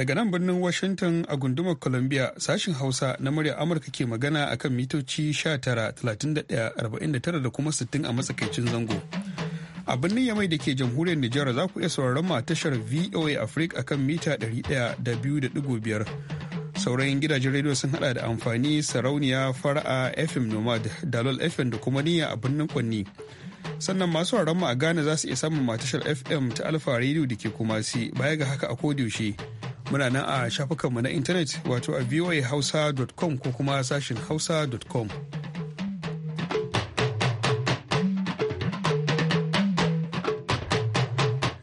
Daga nan birnin Washington a gundumar Columbia sashin Hausa na murya Amurka ke magana a kan mitoci 19,31,49 da kuma 60 a matsakaicin zango. A birnin Yamai da ke jamhuriyar Nijar za ku iya sauraron mu a tashar VOA Africa a kan mita biyar Saurayin gidajen rediyo sun hada da amfani sarauniya fara'a FM Nomad, Dalol FM da kuma niyya a birnin Kwanni. sannan masu mu a Ghana za su iya samun matashar FM ta Alfa Radio da ke kumasi baya ga haka a kodiyaushe muna nan a shafukanmu na intanet wato a voahausa.com ko kuma sashin hausa.com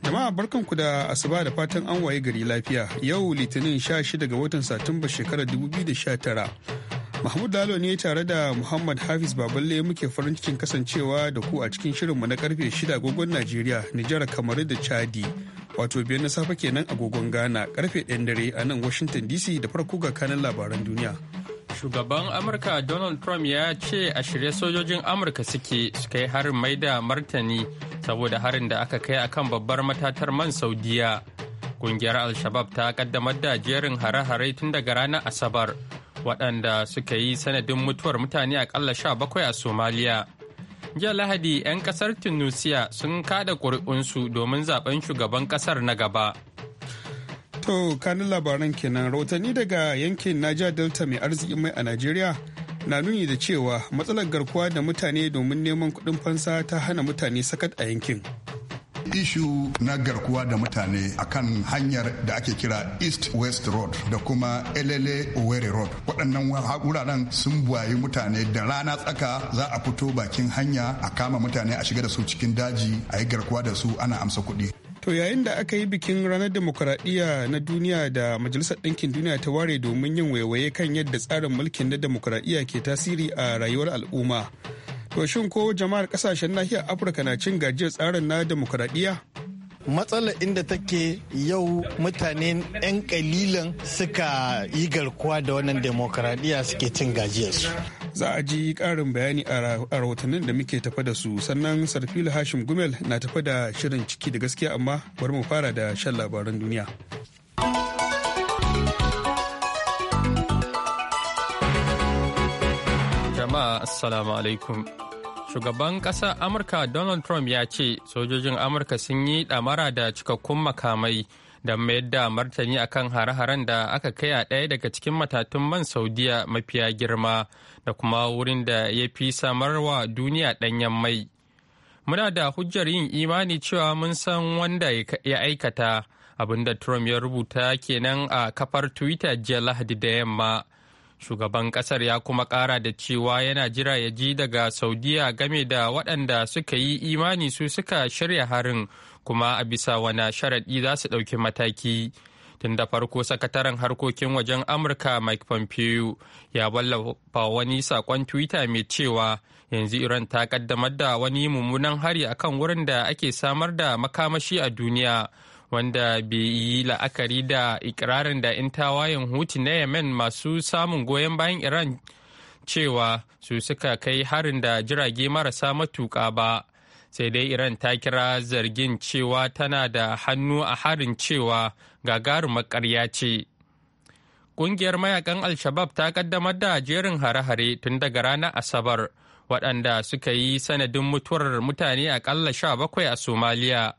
jama'a barkanku da asuba da fatan an waye gari lafiya yau litinin 16 ga watan satumba shekarar 2019 mahmud lalo ne tare da muhammad hafiz baballe muke farin cikin kasancewa da ku a cikin shirinmu na karfe 6 agogon najeriya nijar kamaru da chadi wato biyar na safe kenan agogon ghana karfe 1 dare a nan washington dc da farko ga kanan labaran duniya shugaban amurka donald trump ya ce a shirye sojojin amurka suke su kai harin mai da martani saboda harin da aka kai akan babbar matatar man saudiya kungiyar al-shabab ta kaddamar da jerin hare-hare tun daga ranar asabar waɗanda suka yi sanadin mutuwar mutane akalla 17 a somaliya jiya lahadi 'yan kasar tunisia sun kada ƙuri'unsu domin zaben shugaban kasar na gaba to kanin labaran kenan rahotanni daga yankin niger delta mai arziki mai a nigeria na nuni da cewa matsalar garkuwa da mutane domin neman kudin fansa ta hana mutane sakat a yankin ishu na garkuwa da mutane akan hanyar da ake kira east west road da kuma elele owerri road waɗannan wuraren sun buwayi mutane da rana tsaka za a fito bakin hanya a kama mutane a shiga da su cikin daji a yi garkuwa da su ana amsa kuɗi To yayin da aka yi bikin ranar demokuraɗiyya na duniya da Majalisar Ɗinkin Duniya ta ware domin yin waiwaye kan yadda tsarin mulkin na demokuraɗiyya ke tasiri a rayuwar al'umma. To shin ko jama'ar kasashen nahiyar Afirka na cin gajiyar tsarin na demokuraɗiyya? matsalar inda take yau mutane 'yan kalilan suka yi garkuwa da wannan demokaradiyya suke cin su. Za a ji ƙarin bayani a rahotannin da muke tafa da su sannan sarfila hashim gumel na tafa da shirin ciki da gaskiya amma bari mu fara da shan labaran duniya. assalamu alaikum shugaban ƙasar amurka donald trump ya ce sojojin amurka sun yi ɗamara da cikakkun makamai da mayar da martani akan hare-haren da aka kai a ɗaya daga cikin matatun man saudiya mafiya girma da kuma wurin da ya fi samarwa duniya ɗanyen mai muna da hujjar yin imani cewa mun san wanda ya aikata abinda trump ya rubuta kenan a kafar twitter jiya lahadi da yamma shugaban kasar ya kuma kara da cewa yana jira ya ji daga saudiya game da waɗanda suka yi imani su suka shirya harin kuma a bisa wani sharaɗi za su ɗauki mataki tun da farko sakataren harkokin wajen amurka mike pompeo ya wallafa wani saƙon twitter mai cewa yanzu iran ta ƙaddamar da wani mummunan hari akan wurin da ake samar da makamashi a duniya wanda bai yi la'akari da ikirarin da 'yan tawayen huti na yemen masu samun goyon bayan iran cewa su suka kai harin da jirage marasa matuka ba sai dai iran ta kira zargin cewa tana da hannu a harin cewa gagarumar makarya ce ƙungiyar mayakan al-shabab ta kaddamar da jerin hare-hare tun daga ranar asabar waɗanda suka yi sanadin mutuwar mutane aƙalla bakwai a somaliya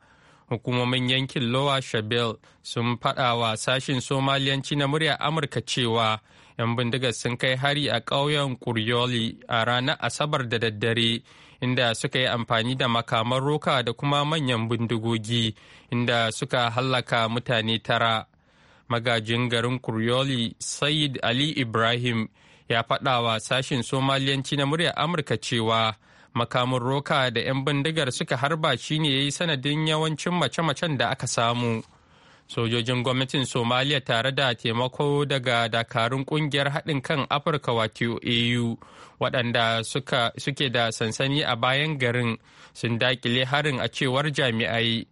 hukumomin yankin lowa shabelle sun faɗa wa sashin somaliyanci na murya amurka cewa 'yan bindigar sun kai hari a ƙauyen kuryoli a ranar asabar da daddare inda suka yi amfani da makaman roka da kuma manyan bindigogi inda suka hallaka mutane tara magajin garin kuryoli said ali ibrahim ya faɗa wa sashin somaliyanci na murya amurka cewa makamin roka da 'yan bindigar suka harba shi ne ya yi sanadin yawancin mace-macen da aka samu sojojin gwamnatin somaliya tare da taimako daga dakarun kungiyar haɗin kan afirka wato au waɗanda suke da sansani a bayan garin sun dakile harin a cewar jami'ai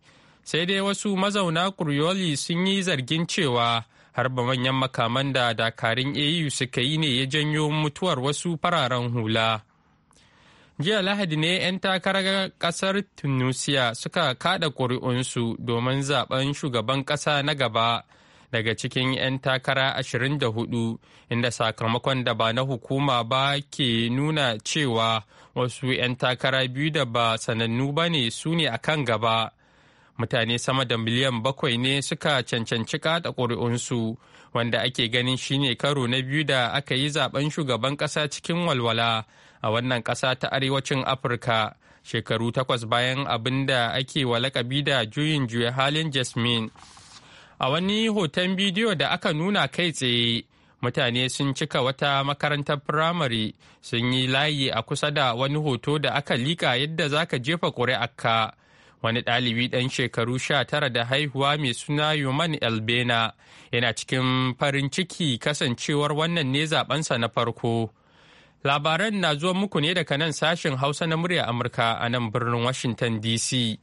sai dai wasu mazauna kuryoli sun yi zargin cewa harba manyan makaman da dakarun au suka yi ne ya janyo mutuwar wasu fararen hula jiya lahadi ne 'yan takarar kasar tunisia suka kada ƙuri'unsu domin zaben shugaban ƙasa na gaba daga cikin 'yan takara 24 inda sakamakon da ba na hukuma ba ke nuna cewa wasu 'yan takara biyu da ba sanannu ba ne su ne a kan gaba mutane sama da miliyan bakwai ne suka cancanci kada ƙuri'unsu wanda ake ganin shine karo na biyu da aka yi zaben shugaban ƙasa cikin walwala a wannan ƙasa ta arewacin afirka shekaru takwas bayan abin da ake wa lakabi da juyin juya halin jasmine a wani hoton bidiyo da aka nuna kai tsaye mutane sun cika wata makarantar firamare sun yi layi a kusa da wani hoto da aka lika yadda za ka jefa ƙuri'arka wani ɗalibi ɗan shekaru sha tara da haihuwa mai suna yoman albena, yana cikin farin ciki kasancewar wannan ne zabensa na farko Labaran na zuwa muku ne daga nan sashen Hausa na murya Amurka a nan birnin Washington DC.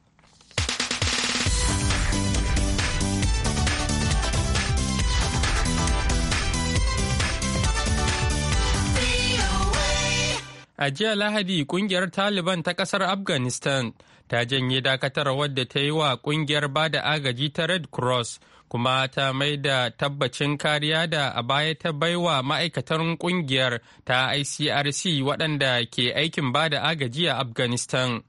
A jiya Lahadi kungiyar Taliban ta kasar Afghanistan ta janye dakatar wadda ta yi wa kungiyar bada agaji ta Red Cross kuma ta mai da tabbacin kariya da a baya ta baiwa ma'aikatan kungiyar ta icrc waɗanda ke aikin ba da agaji a afghanistan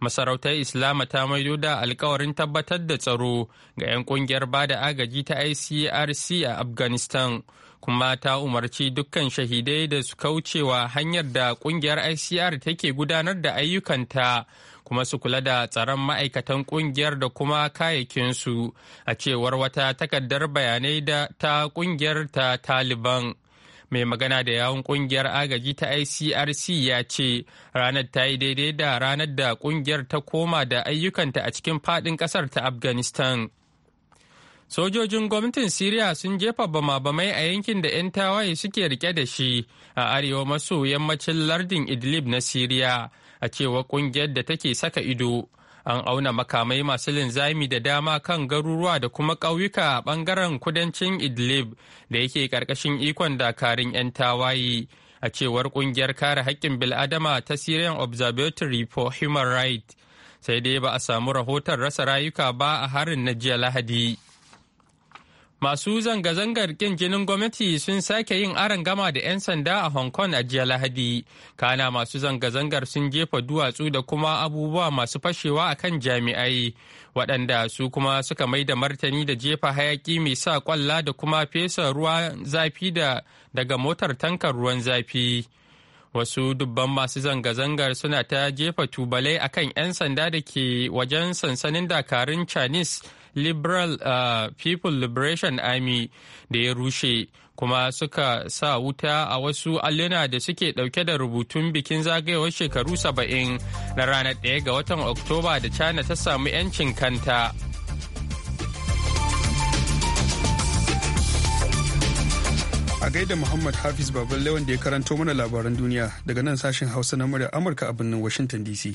masarautar islama ta maido da alkawarin tabbatar da tsaro ga 'yan kungiyar ba da agaji ta icrc a afghanistan kuma ta umarci dukkan shahidai da su kaucewa hanyar da kungiyar icr take gudanar da ayyukanta kuma su kula da tsaron ma'aikatan kungiyar da kuma kayayyakinsu a cewar wata takardar bayanai da ta kungiyar ta taliban mai magana da yawon kungiyar agaji ta icrc ya ce ranar ta yi daidai da ranar da kungiyar ta koma da ayyukanta a cikin fadin kasar ta afghanistan sojojin gwamnatin syria sun jefa bama-bamai a yankin da 'yan tawaye suke rike da shi a arewa maso yammacin lardin idlib na syria a cewa kungiyar da take saka ido an auna makamai masu linzami da dama kan garuruwa da kuma ƙauyuka a ɓangaren kudancin idlib da yake ƙarƙashin ikon dakarun 'yan tawaye a cewar ƙungiyar kare haƙƙin bil'adama ta syrian observatory for human rights sai dai ba a samu rahoton rasa rayuka ba a harin na jiya lahadi Masu zanga-zangar ƙin jinin gwamnati sun sake yin aron gama da 'yan sanda a Hong Kong a jiya Lahadi. Kana masu zanga-zangar sun jefa duwatsu da kuma abubuwa masu fashewa a kan jami'ai, waɗanda su kuma suka mai da martani da jefa hayaki mai sa kwalla da kuma fesa ruwa zafi da daga motar tankar ruwan zafi. Wasu dubban masu zanga-zangar suna ta jefa tubalai akan 'yan sanda da ke wajen sansanin dakarun Chinese liberal uh, people liberation army da ya rushe kuma suka sa wuta a wasu alluna da suke dauke da rubutun bikin zagayewar shekaru saba'in na ranar 1 ga watan oktoba da china ta samu 'yancin kanta a gaida muhammad hafiz lewan da ya karanto mana labaran duniya daga nan sashen hausa na murya amurka a birnin washington dc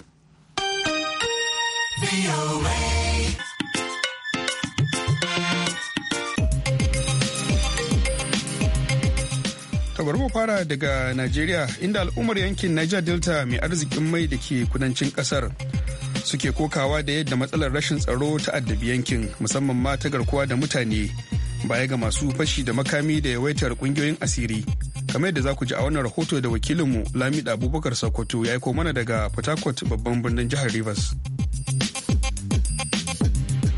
bari mu fara daga Najeriya inda al'ummar yankin Niger Delta mai arzikin mai da ke kudancin kasar suke kokawa da yadda matsalar rashin tsaro ta addabi yankin musamman ma ta garkuwa da mutane baya ga masu fashi da makami da yawaitar kungiyoyin asiri. Kamar yadda za ku ji a wannan rahoto da wakilinmu Lamida Abubakar Sokoto ya aiko mana daga Port Harcourt babban birnin jihar Rivers.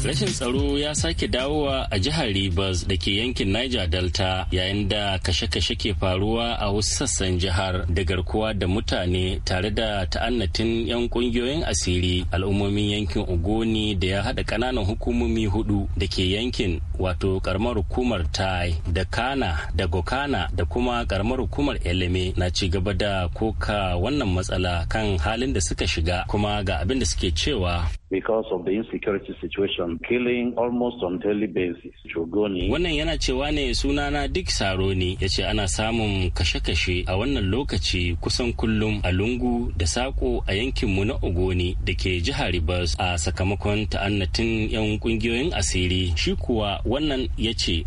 rashin tsaro ya sake dawowa a jihar Rivers da ke yankin Niger Delta yayin da kashe-kashe ke faruwa a wasu sassan jihar da garkuwa da mutane tare da ta'annatin 'yan kungiyoyin asiri al'ummomin yankin Ogoni da ya haɗa ƙananan hukumomi hudu da ke yankin wato karamar hukumar Tai da Kana da Gokana da kuma karamar hukumar Eleme na ci gaba da koka wannan matsala kan halin da suka shiga kuma ga abin da suke cewa. because of the insecurity situation killing almost on daily basis Chogoni. wannan yana cewa ne sunana duk saroni. ya ce ana samun kashe-kashe a wannan lokaci kusan kullum a lungu da sako a yankin mu na ogoni da ke jihar ribas a sakamakon ta'annatin 'yan kungiyoyin asiri shi kuwa wannan ya ce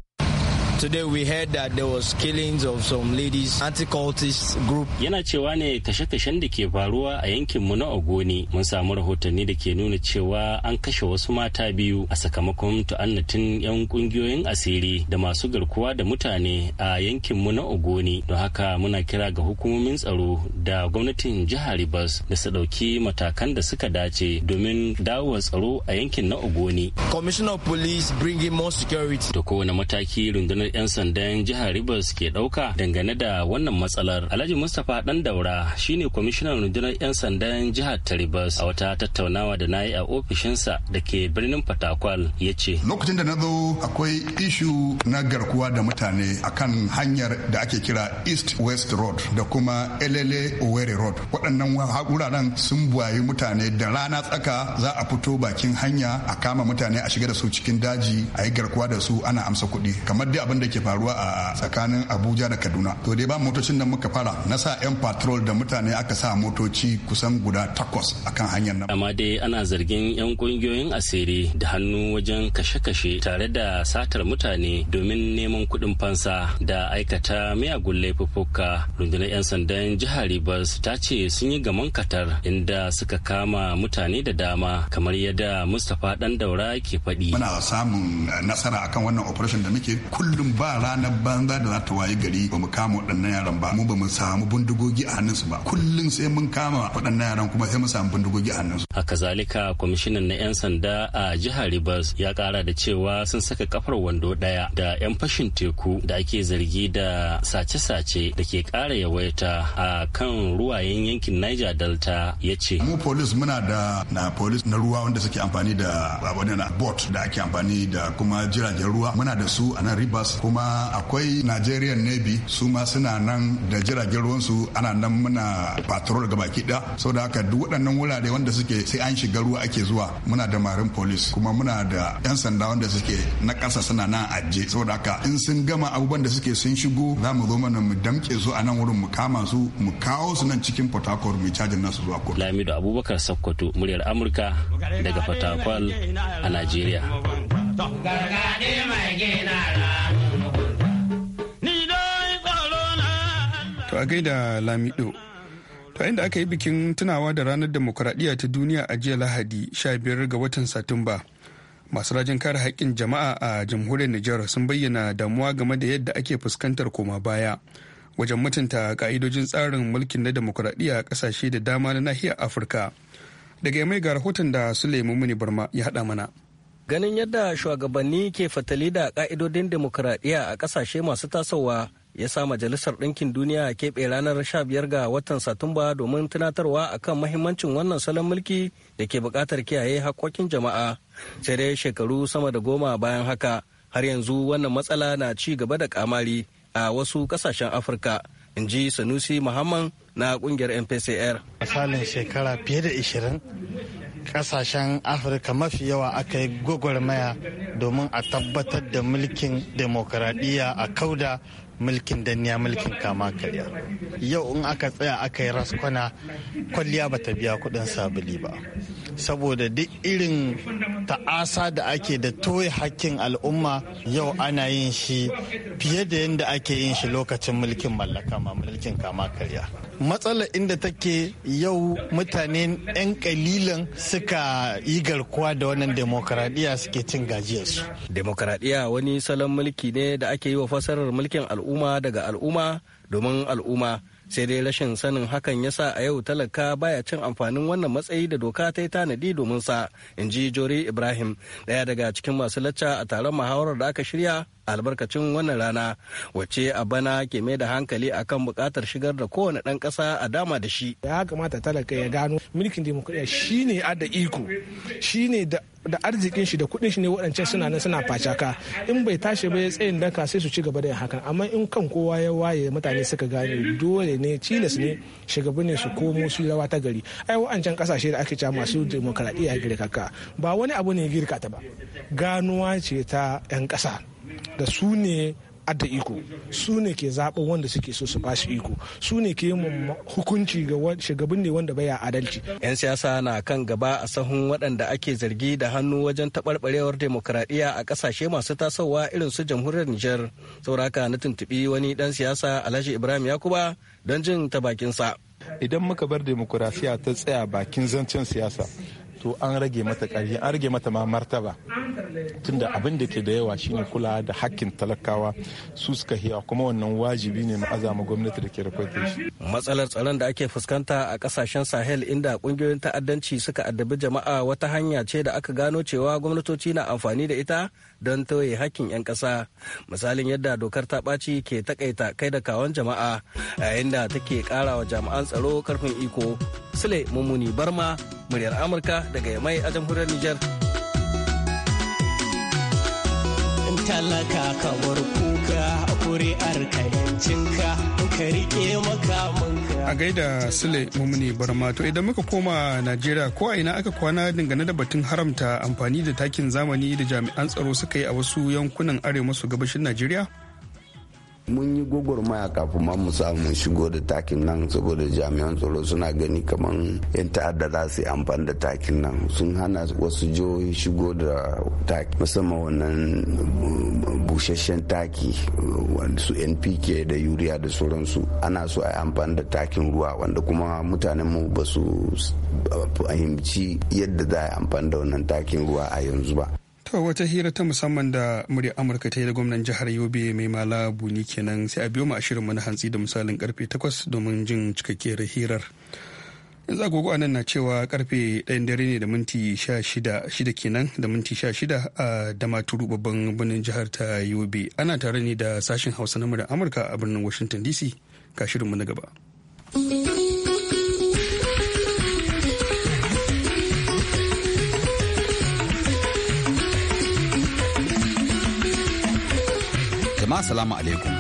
Today we heard that there was killings of some ladies anti-cultist group. Yana cewa ne kashe-kashen da ke faruwa a yankin mu na Ogoni. Mun samu rahotanni da ke nuna cewa an kashe wasu mata biyu a sakamakon tu'annatin 'yan kungiyoyin asiri da masu garkuwa da mutane a yankin mu na Ogoni. Don haka muna kira ga hukumomin tsaro da gwamnatin jihar Rivers da su ɗauki matakan da suka dace domin dawo tsaro a yankin na Ogoni. Commissioner of Police bringing more security. Da kowane mataki rundunar 'yan sandan jihar Rivers ke ɗauka dangane da wannan matsalar. Alhaji Mustapha Dan Daura shine kwamishinan rundunar 'yan sandan jihar ta Rivers a wata tattaunawa da na yi a ofishinsa da ke birnin Fatakwal ya ce. Lokacin da na zo akwai ishu na garkuwa da mutane akan hanyar da ake kira East West Road da kuma Elele Owerri Road. Waɗannan wuraren sun buwayi mutane da rana tsaka za a fito bakin hanya a kama mutane a shiga da su cikin daji a yi garkuwa da su ana amsa kuɗi kamar dai abin da ke faruwa a tsakanin abuja da kaduna to dai ba motocin da muka fara na sa yan patrol da mutane aka sa motoci kusan guda takwas akan hanyar nan amma dai ana zargin yan kungiyoyin asiri da hannu wajen kashe-kashe tare da satar mutane domin neman kuɗin fansa da aikata miyagun laifuka rundunar yan sandan jihar rivers ta ce sun yi gaman katar inda suka kama mutane da dama kamar yadda mustapha dan daura ke faɗi muna samun nasara akan wannan operation da muke kullum ba ranar banza da za ta waye gari ba mu kama waɗannan yaran ba mu ba mu samu bindigogi a hannunsu ba kullum sai mun kama waɗannan yaran kuma sai mu samu bindigogi a hannunsu. haka zalika kwamishinan na 'yan sanda a jihar rivers ya kara da cewa sun saka kafar wando ɗaya da 'yan fashin teku da ake zargi da sace-sace da ke ƙara yawaita a kan ruwayen yankin niger delta ya ce mu polis muna da na polis na ruwa wanda suke amfani da wadannan bot da ake amfani da kuma jiragen ruwa muna da su a nan rivers kuma akwai nigerian navy su ma suna nan da jiragen ruwansu ana nan muna patrol ga baki da saboda haka duk waɗannan wurare wanda suke sai an shiga ruwa ake zuwa muna da marin police kuma muna da yan sanda wanda suke na ƙasa suna nan ajiye saboda haka in sun gama abubuwan da suke sun shigo za mu zo mana mu damke su a nan wurin mu kama su mu kawo su nan cikin port mu caji nasu zuwa kotu. lamido abubakar sakkwato muryar amurka daga fatakwal a najeriya. Gargaɗe mai gina To a gaida Lamido. To inda aka yi bikin tunawa da ranar demokuraɗiyya ta duniya a jiya Lahadi 15 ga watan Satumba. Masu rajin kare haƙƙin jama'a a jamhuriyar Nijar sun bayyana damuwa game da yadda ake fuskantar koma baya wajen mutunta ka'idojin tsarin mulkin na demokuraɗiyya a ƙasashe da dama na nahiyar Afirka. Daga mai ga rahoton da Suleiman Muni Barma ya haɗa mana. Ganin yadda shugabanni ke fatali da ka'idodin demokuraɗiyya a ƙasashe masu tasowa ya sa majalisar ɗinkin duniya keɓe ranar sha biyar ga watan satumba domin tunatarwa a kan mahimmancin wannan salon mulki da ke buƙatar kiyaye haƙƙoƙin jama'a sai dai shekaru sama da goma bayan haka har yanzu wannan matsala na ci gaba da kamari a wasu ƙasashen afirka in ji sanusi muhammad na ƙungiyar mpcr misalin shekara fiye da 20 ƙasashen afirka mafi yawa aka yi gwagwarmaya domin a tabbatar da mulkin demokuraɗiyya a kauda mulkin danniya mulkin kama karya yau in aka tsaya aka yi raskwana kwalliya ba ta biya kudin sabili ba saboda duk irin ta'asa da ake da toye hakkin al'umma yau ana yin shi fiye da yadda ake yin shi lokacin mulkin mallaka ma mulkin kama karya matsalar inda take yau mutane 'yan kalilan suka yi garkuwa da wannan demokaradiyya suke cin gajiyarsu. demokaradiyya wani salon mulki ne da ake yi wa fasarar mulkin al'umma daga al'umma domin al'umma sai dai rashin sanin hakan ya sa a yau talaka baya cin amfanin wannan matsayi da doka ta yi tanadi domin sa in ji jori ibrahim daya daga cikin masu lacca a taron muhawarar da aka shirya albarkacin wannan rana wacce a bana ke mai da hankali akan bukatar shigar da kowane ɗan kasa a dama da shi ya kamata talaka ya gano mulkin demokuraɗiyya shine adda iko shine da da arzikin shi da kuɗin shi ne waɗancan suna nan suna facaka in bai tashi ba ya tsayin daka sai su ci gaba da yin hakan amma in kan kowa ya waye mutane suka gane dole ne cilas ne shugaban ne su komo su rawa ta gari ai waɗancan kasashe da ake ca masu demokaradiyya girkaka ba wani abu ne girka ta ba ganuwa ce ta 'yan ƙasa da su ne adda iko su ne ke zaɓa wanda suke so su bashi iko su ne ke yin hukunci ga shugaban ne wanda baya adalci yan siyasa na kan gaba a sahun waɗanda ake zargi da hannu wajen taɓarɓarewar demokradiyya a ƙasashe masu tasowa irin su jamhuriyar Nijar sauraka na tuntuɓi wani ɗan siyasa Alhaji Ibrahim Yakuba don jin ta bakinsa idan muka bar demokrasiya ta tsaya bakin zancen siyasa to an rage mata ƙarfi an rage mata ma martaba tunda abin da ke da yawa shine kula da hakkin talakawa su suka hiya kuma wannan wajibi ne azama gwamnati da ke rikwata shi matsalar tsaron da ake fuskanta a kasashen sahel inda kungiyoyin ta'addanci suka addabi jama'a wata hanya ce da aka gano cewa gwamnatoci na amfani da ita don tauye hakkin 'yan ƙasa misalin yadda dokar ta ɓaci ke takaita kai da kawon jama'a yayin da take ƙara wa jami'an tsaro karfin iko sule mummuni barma muryar amurka daga yamai a jamhuriyar niger talaka kamar kuka kuri'ar cinka. A gaida Sule mummuni Barma to idan muka koma Najeriya ko a ina aka kwana dangane da batun haramta amfani da takin zamani da jami'an tsaro suka yi a wasu yankunan arewa maso gabashin Najeriya? mun yi maya kafin ma mu samu shigo da takin nan saboda jami'an tsaro suna gani kamar yan ta'adda za su yi amfani da takin nan sun hana wasu jihohi shigo da taki musamman wannan uh, busasshen taki uh, su npk da yuriya da sauransu ana so a yi amfani da takin ruwa wanda kuma mutanen mu ba su uh, fahimci yadda za a yi amfani da wannan takin ruwa a yanzu ba To wata hira ta musamman da murya Amurka ta yi da gwamnan jihar Yobe mai mala buni kenan sai a biyo mu ashirin mana hantsi da misalin karfe 8 domin jin cikakkiyar hirar. Yanzu agogo a nan na cewa karfe 1 dare ne da minti shida kenan da minti shida a Damaturu babban birnin jihar ta Yobe. Ana tare ne da sashen Hausa na murya Amurka a birnin Washington DC ga mu na gaba. jama'a salamu alaikum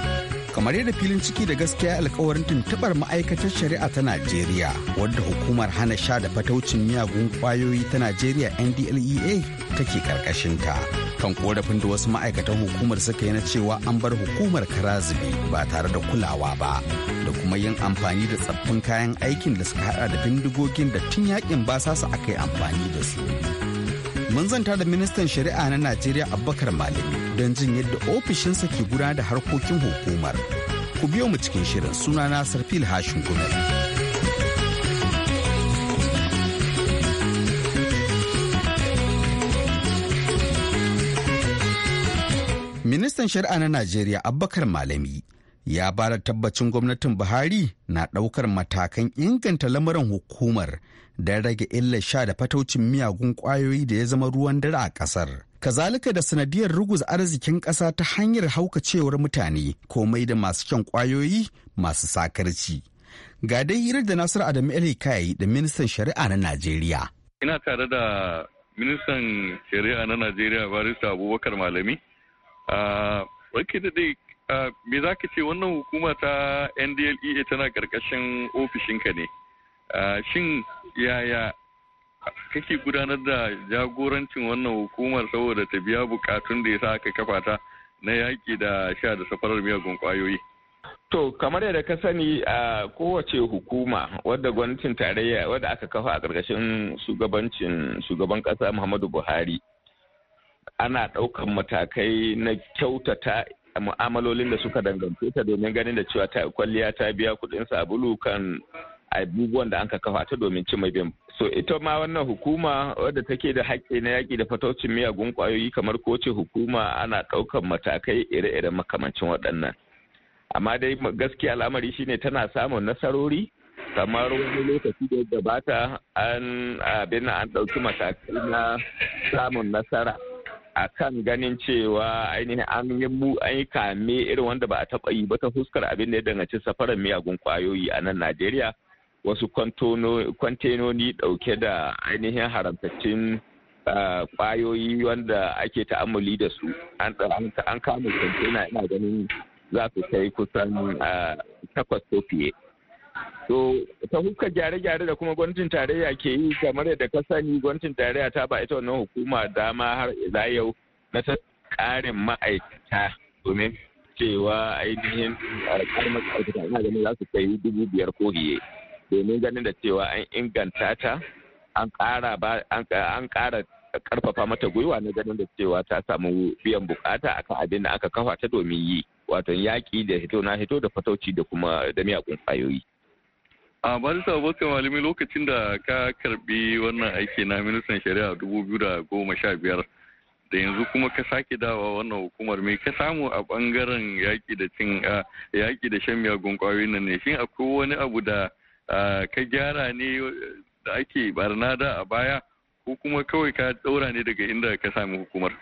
kamar yadda filin ciki da gaskiya alkawarin tuntubar ma'aikatar shari'a ta najeriya wadda hukumar hana sha da fataucin miyagun kwayoyi ta najeriya ndlea take ta kan korafin da wasu ma'aikatan hukumar suka yi na cewa an bar hukumar karazibi ba tare da kulawa ba da kuma yin amfani da tsaffin kayan aikin da suka hada da bindigogin da tun yakin basasa aka yi amfani da su mun zanta da ministan shari'a na najeriya abubakar malami don jin yadda ofishinsa ke gudanar da harkokin hukumar ku biyo mu cikin shirin suna na sarfil hashin gumel ministan shari'a na najeriya abubakar malami ya ba da tabbacin gwamnatin buhari na ɗaukar matakan inganta lamarin hukumar don rage illar sha da fataucin miyagun ƙwayoyi da ya zama ruwan dare a ƙasar. Kazalika da sanadiyar ruguza arzikin ƙasa ta hanyar haukacewar mutane komai da masu kyan ƙwayoyi masu sakarci. Ga dai hirar da Nasiru Adamu Elikai da ministan shari'a na Najeriya. Ina tare da ministan shari'a na Najeriya barista Abubakar Malami. Wanke ah, da dai ah, me za ka ce wannan hukuma ta NDLEA tana ƙarƙashin ofishinka ne? shin yaya kake gudanar da jagorancin wannan hukumar saboda ta biya bukatun da ya sa aka kafa ta na yaƙi da sha da safarar miyagun ƙwayoyi. To kamar yadda ka sani a kowace hukuma wadda gwamnatin tarayya wadda aka kafa a ƙarƙashin shugabancin shugaban ƙasa Muhammadu Buhari ana ɗaukar matakai na kyautata mu'amalolin da suka dangance ta domin ganin da cewa ta kwalliya ta biya kuɗin sabulu kan abubuwan da anka kafa ta domin cimma biyan so ita ma wannan hukuma wadda take da haƙƙi na yaƙi da fataucin miyagun ƙwayoyi kamar ko ce hukuma ana ɗaukar matakai ire iren makamancin waɗannan amma dai gaskiya al'amari shine tana samun nasarori kamar wani lokaci da gabata an abin an ɗauki matakai na samun nasara a kan ganin cewa ainihin an yi mu an yi kame irin wanda ba a taɓa yi ba ta fuskar abin da ya danganci safarar miyagun kwayoyi a nan Najeriya wasu kwantenoni ɗauke da ainihin haramtattun kwayoyi ah, wanda ake ta'amuli da su an kama kwantena ina ganin za su kai kusan ah, takwas ko fiye to ta hukka gyare-gyare da kuma gwamnatin tarayya ke yi kamar yadda ka sani gwamnatin tarayya ta ba ita wannan hukuma dama har ila yau na ta karin ma'aikata domin cewa ainihin karin ah, ma'aikata ina ganin za su kai dubu biyar ko biye domin ganin da cewa an inganta ta an kara karfafa mata gwiwa na ganin da cewa ta samu biyan bukata akan abin da aka kafa ta domin yi wato yaƙi da hito na hito da fatauci da kuma da miyagun kwayoyi. a barisa abokan malami lokacin da ka karbi wannan aiki na ministan shari'a dubu biyu da goma sha biyar da yanzu kuma ka sake dawa wannan hukumar me ka samu a bangaren yaƙi da cin yaƙi da shan miyagun kwayoyin nan ne shin akwai wani abu da ka gyara ne uh, da ake barna da a baya ko kuma kawai ka ɗaura ne daga inda ka sami hukumar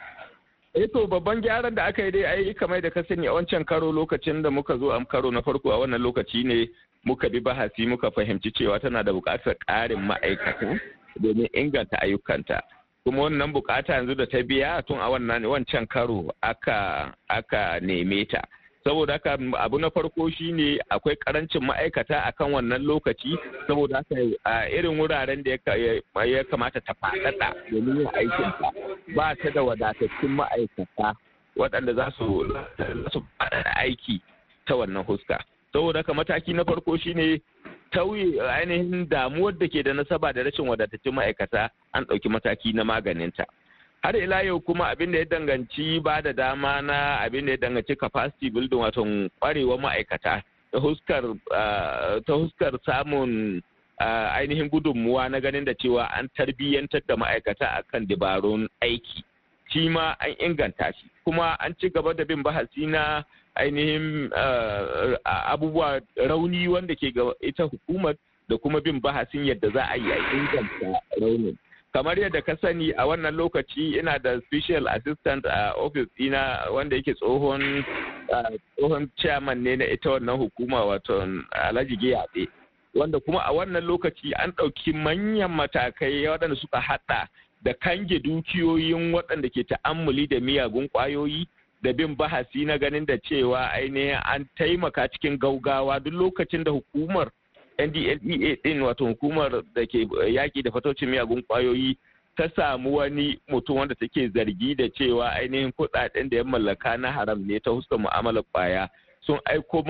eh to babban gyaran da aka yi dai ai kamar da ka sani a wancan karo lokacin da muka zo am karo na farko a wannan lokaci ne muka bi bahasi muka fahimci cewa tana da buƙatar ƙarin ma'aikata domin inganta ayyukanta kuma wannan bukata yanzu da ta biya tun a wannan wancan karo aka aka neme ta saboda haka abu na farko shine akwai karancin ma'aikata a kan wannan lokaci saboda haka a irin wuraren da ya kamata ta faɗaɗa domin yin aikinta ba ta da wadatattun ma'aikata waɗanda za su faɗaɗa aiki ta wannan huska saboda haka mataki na farko shine tauye ainihin damuwar da ke da nasaba da rashin wadatattun ma'aikata an ɗauki mataki na maganinta. har ila yau kuma abin da ya danganci ba da dama na abin da ya danganci capacity building wato kwarewa ma'aikata ta huskar ah, samun ah, ainihin gudunmuwa na ganin da cewa an tarbiyyantar da ma'aikata akan dabarun aiki shi ma an inganta shi kuma an ci gaba da bin bahasi na ainihin ah, abubuwa rauni wanda ke ga ita hukumar da kuma bin bahasin yadda za a yi a inganta raunin kamar yadda ka sani a wannan lokaci ina da special assistant a office ina wanda yake tsohon uh, chairman ne na ita wannan hukuma wato alhaji giyaɓe wanda kuma a wannan lokaci an ɗauki manyan matakai waɗanda suka haɗa da kange dukiyoyin waɗanda ke ta'ammuli da miyagun ƙwayoyi da bin bahasi na ganin da cewa ainihin an taimaka cikin gaugawa duk lokacin da hukumar ndlea din wato hukumar da ke eh, yaƙi da fatocin miyagun kwayoyi ta samu wani mutum wanda take zargi da cewa ainihin kuɗaɗen da ya mallaka na haram ne ta husa mu'amalar kwaya sun aiko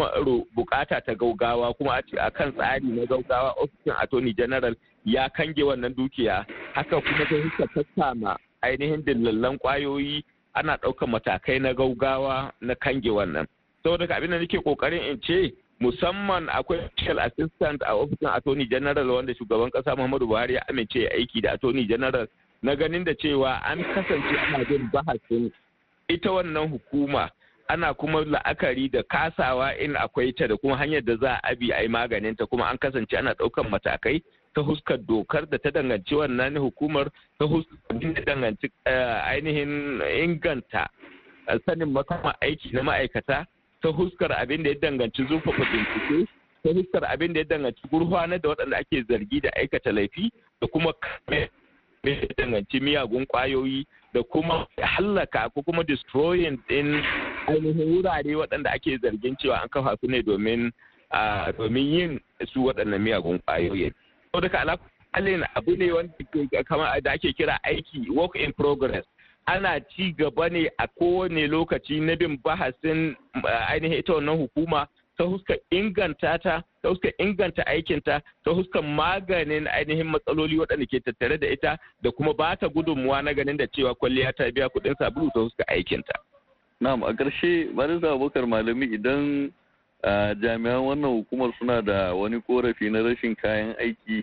bukata ta gaugawa kuma a kan tsari na gaugawa ofishin attorney general ya kange wannan dukiya haka kuma ta ta tattama ainihin dillallan kwayoyi ana ɗaukar matakai na gaugawa na kange wannan saboda abin da nake kokarin in ce musamman akwai special assistant a ofishin attorney general wanda shugaban kasa muhammadu buhari ya amince aiki da attorney general na ganin da cewa an kasance ana jin bahasin ita wannan hukuma ana kuma la'akari da kasawa in akwai ta da kuma hanyar da za a bi a yi ta kuma an kasance ana ɗaukan matakai ta huskar dokar da ta danganci wannan hukumar ta huskar da danganci eh, ainihin inganta eh, sanin makama aiki na ma'aikata ta huskar abin da ya danganci zurfafa bincike ta huskar abin da ya danganci gurhwana da waɗanda ake zargi da aikata laifi da kuma ya danganci miyagun kwayoyi da kuma hallaka ko kuma destroying din ainihin wurare waɗanda ake zargin cewa an kafa su ne domin domin yin su waɗannan miyagun kwayoyi. Sau daga alaƙalin abu ne wanda ake kira aiki work in progress ana ci gaba ne a kowane lokaci na bin bahasin eh, ainihin ita wannan hukuma ta huska inganta ta ta huska inganta aikinta ta huska maganin ainihin matsaloli waɗanda ke tattare da ita da kuma ba ta gudunmuwa na ganin da cewa kwalliya ta biya kuɗin sabulu ta huska aikinta. Na'am a ƙarshe Marisa Abubakar Malami idan eh, jami'an wannan hukumar suna da wani korafi na rashin kayan aiki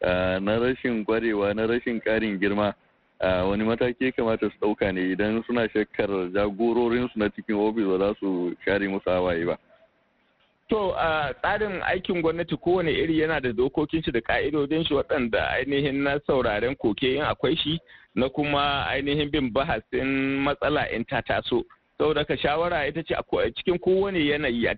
eh, na rashin kwarewa na rashin ƙarin girma wani mataki kamata su ɗauka ne idan suna shakkar jagororinsu na cikin ofis ba za su share musu hawaye ba. To tsarin aikin gwamnati kowane iri yana da dokokin shi da ka'idodin shi waɗanda ainihin na sauraren koke yin akwai shi na kuma ainihin bin bahasin matsala in ta taso. Saboda ka shawara ita ce cikin kowane yanayi a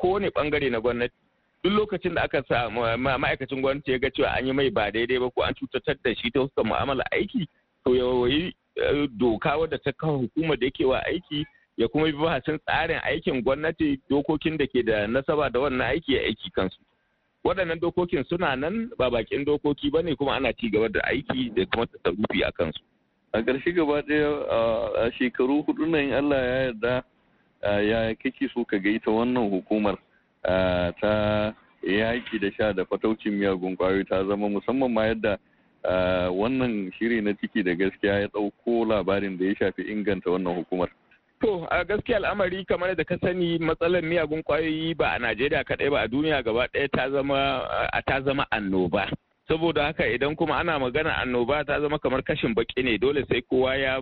kowane bangare na gwamnati. Duk lokacin da aka samu ma'aikacin gwamnati ya ga cewa an yi mai ba daidai ba ko an cutatar da shi ta huskar mu'amala aiki yawayi eh, doka wadda ta kan hukumar da yake wa aiki ya kuma bi bahasin tsarin aikin gwamnati dokokin da ke da nasaba da wannan aiki ya aiki kansu waɗannan dokokin suna nan ba bakin dokoki ba ne kuma ana ci gaba da aiki da kuma tasarrufi a kansu a ƙarshe gaba ɗaya a shekaru hudu nan allah ya yarda ya kake so ka gaita wannan hukumar ta yaki da sha da fataucin miyagun kwayoyi ta zama musamman ma yadda Eh, wannan shiri na ciki da gaskiya ya ɗauko labarin da ya shafi inganta wannan hukumar. To a gaskiya al'amari kamar da ka sani matsalar miyagun kwayoyi ba a Najeriya kaɗai ba a duniya gaba ɗaya ta zama ta zama annoba. Saboda haka idan kuma ana magana annoba ta zama kamar kashin baƙi ne dole sai kowa ya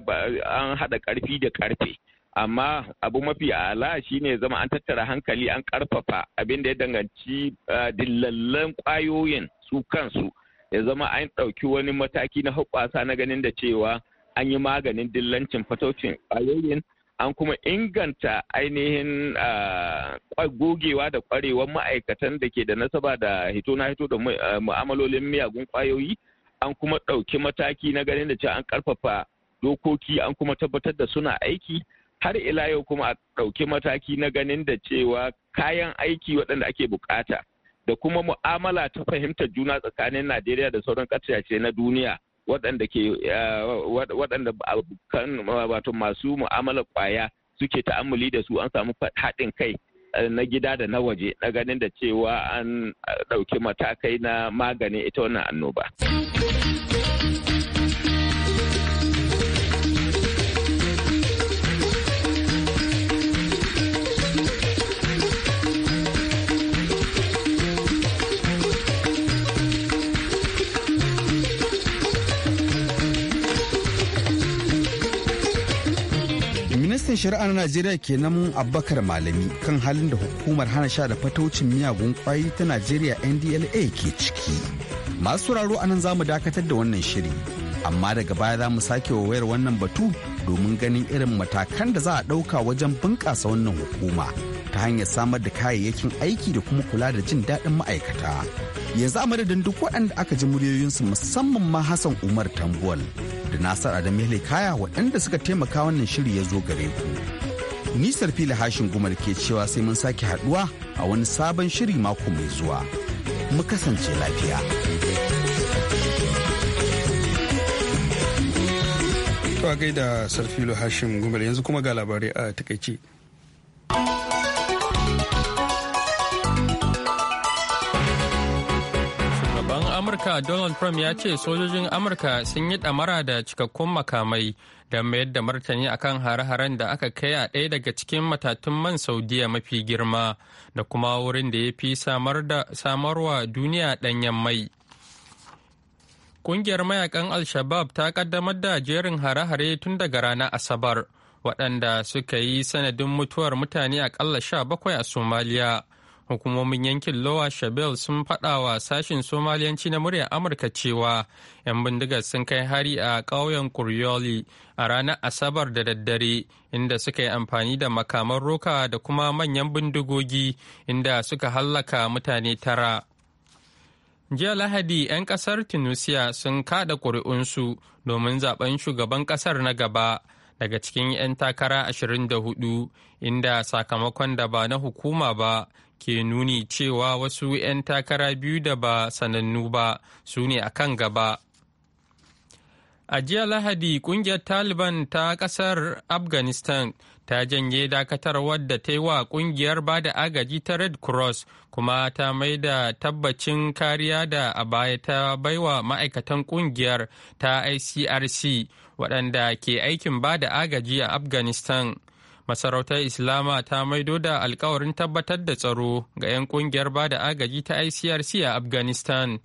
an haɗa ƙarfi da ƙarfe. Amma abu mafi ala ne zama an tattara hankali an ƙarfafa abin da ya danganci eh, dillallan kwayoyin su kansu. ya zama an ɗauki wani mataki na hoɓɓasa na ganin da cewa an yi maganin dillancin fatocin ƙwayoyin an kuma inganta ainihin gogewa da ƙwarewar ma'aikatan da ke da nasaba da hito na hito da mu'amalolin miyagun ƙwayoyi an kuma ɗauki mataki na ganin da cewa an ƙarfafa dokoki an kuma tabbatar da suna aiki har ila yau kuma a ɗauki mataki na ganin da cewa kayan aiki waɗanda ake buƙata. da kuma mu'amala ta fahimtar juna tsakanin Najeriya da sauran ƙasashe na duniya waɗanda ke waɗanda wato masu mu'amala ƙwaya suke ta'ammuli da su an samu haɗin kai eh, na gida da na waje na ganin da cewa an eh, ɗauki matakai na magani ita wannan annoba. ministan shari'a na najeriya kenan abubakar malami kan halin da hukumar hana sha da fataucin miyagun kwayi ta najeriya ndla ke ciki masu sauraro anan za mu dakatar da wannan shiri amma daga baya za mu sake wayar wannan batu domin ganin irin matakan da za a ɗauka wajen bunƙasa wannan hukuma ta hanyar samar da kayayyakin aiki da kuma kula da jin daɗin ma'aikata. Yanzu a madadin duk waɗanda aka ji muryoyinsu musamman ma Hassan Umar Tambuwal da Nasar Adamele Kaya waɗanda suka taimaka wannan shiri ya zo gare ku. Nisar fili hashin gumar ke cewa sai mun sake haɗuwa a wani sabon shiri mako mai zuwa. Mu kasance lafiya. To gaida Sarfilo Hashim Gumal yanzu kuma ga labarai a takaice. Amurka Donald Trump ya ce sojojin Amurka sun yi ɗamara da cikakkun makamai da mayar da martani akan hare-haren da aka kai a ɗaya daga cikin matatun man Saudiya mafi girma da kuma wurin da ya fi samarwa duniya ɗanyen mai. ƙungiyar mayakan Al-Shabab ta ƙaddamar da jerin hare-hare tun daga ranar Asabar, waɗanda suka yi sanadin mutuwar mutane akalla sha bakwai a Somaliya. hukumomin yankin lowa shabel sun faɗa wa sashin somaliyanci na muryar amurka cewa 'yan bindigar sun kai hari a ƙauyen kuryoli a ranar asabar da daddare inda suka yi amfani da makaman roka da kuma manyan bindigogi inda suka hallaka mutane tara jiya lahadi 'yan kasar tunisia sun kada ƙuri'unsu domin zaben shugaban kasar na gaba daga cikin 'yan takara 24 inda sakamakon da ba na hukuma ba ke nuni cewa wasu 'yan takara biyu da ba sanannu ba su ne a kan gaba. A jiya Lahadi, kungiyar Taliban ta kasar Afghanistan ta janye dakatar wadda ta yi wa kungiyar ba da agaji ta Red Cross kuma ta mai da tabbacin kariya da a baya ta baiwa ma'aikatan kungiyar ta ICRC waɗanda ke aikin ba da agaji a Afghanistan. Masarautar Islama ta maido da alkawarin tabbatar da tsaro ga 'yan kungiyar ba da agaji ta ICRC a Afghanistan.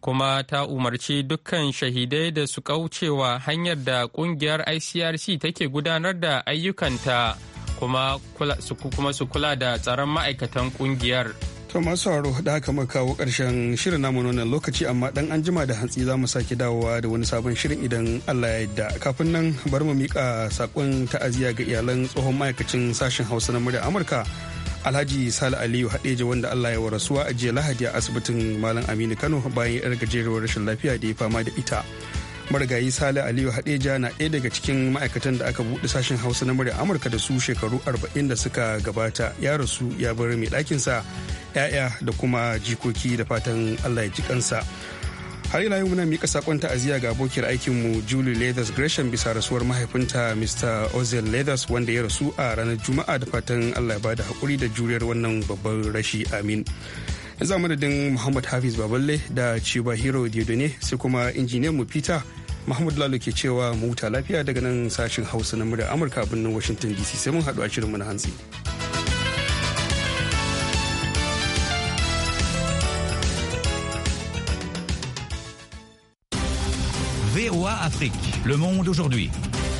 Kuma ta umarci dukkan shahidai da su kaucewa hanyar da kungiyar ICRC take gudanar da ayyukanta kuma su kula da tsaron ma'aikatan kungiyar. To masu haro da aka maka kawo ƙarshen shirin namu wannan lokaci amma dan an jima da hantsi za mu sake dawowa da wani sabon shirin idan Allah ya yarda. Kafin nan bari mu mika sakon ta'aziya ga iyalan tsohon ma'aikacin sashen Hausa na murya Amurka Alhaji Sale Aliyu Hadeja wanda Allah ya warasuwa a jiya Lahadi a asibitin Malam Aminu Kano bayan yar gajeruwar rashin lafiya da ya fama da ita. marigayi sale aliyu hadeja na ɗaya daga cikin ma'aikatan da aka buɗe sashen hausa na murya amurka da su shekaru arba'in da suka gabata ya rasu ya bar mai ɗakinsa 'ya'ya da kuma jikoki da fatan allah ya ji kansa har ila yau muna mika sakon ta'aziyya ga abokiyar aikinmu julie leathers gresham bisa rasuwar mahaifinta mr ozel leathers wanda ya rasu a ranar juma'a da fatan allah ya bada haƙuri da juriyar wannan babban rashi amin za madadin muhammad hafiz baballe da ciba hero diodone sai kuma injiniyan mu peter mahmud lalo ke cewa mu huta lafiya daga nan sashen hausa na murya amurka washington dc sai mun haɗu a hantsi. Afrique. Le monde aujourd'hui.